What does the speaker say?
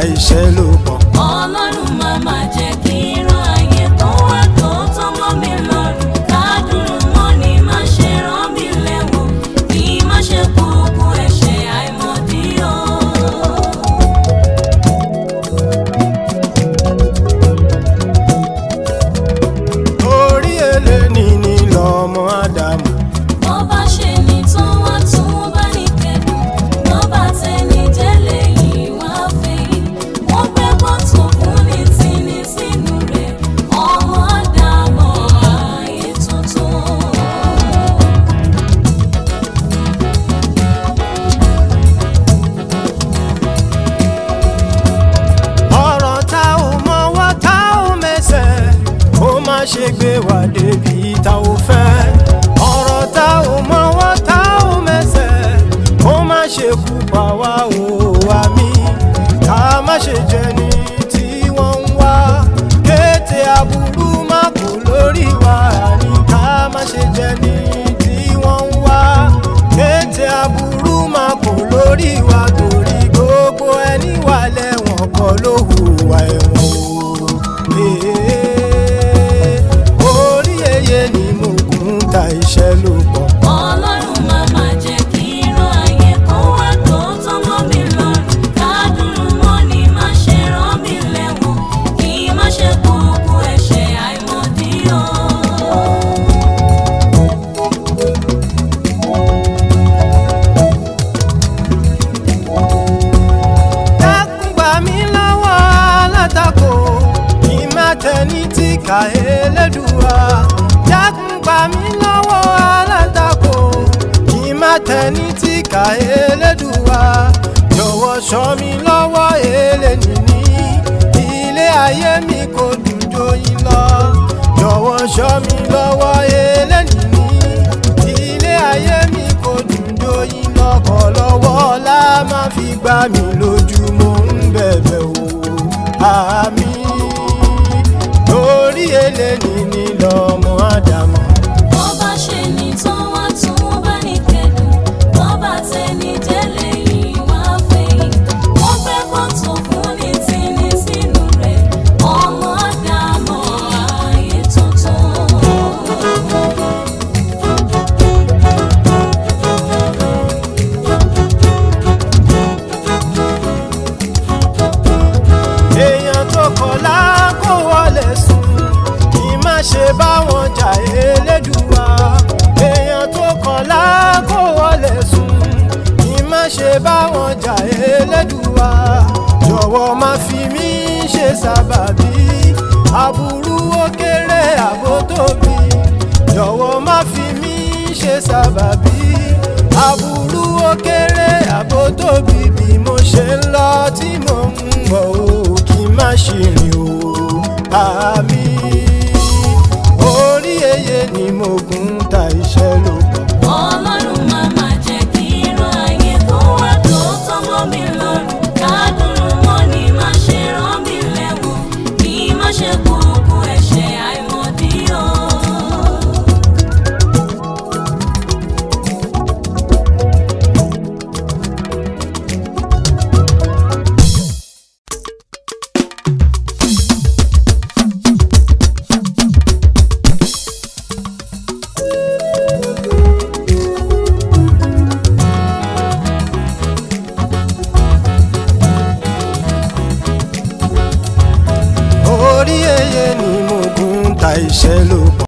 Ai, cheiro Ta ìkà elédùá dákun pa mí lọ́wọ́ alátakò kí n má tẹni tí ìkà elédùá jọ̀wọ́ ṣọ́ mi lọ́wọ́ eléni ní ilé ayé mi kò dùn joyin lọ jọ̀wọ́ ṣọ́ mi lọ́wọ́ eléni ní ilé ayé mi kò dùn joyin lọ kọ́ lọ́wọ́ ọlá má fi gbá mi lójú mo ń bẹ̀bẹ̀ o àmì orí eléyìí ni lọ́mọ ádámù. ṣe bá wọn jà Elédùà èèyàn tó kàn láàkó wọlé sùn kí má ṣe bá wọn jà Elédùà jọ̀wọ́ má fi mí ṣe sábàbí aburú ó kéré àbó tóbi jọ̀wọ́ má fi mí ṣe sábàbí aburú ó kéré àbó tóbi bí mo ṣe ń lọ tí mo ń bọ̀ o kí má ṣe rìn o. Ah. ṣe ló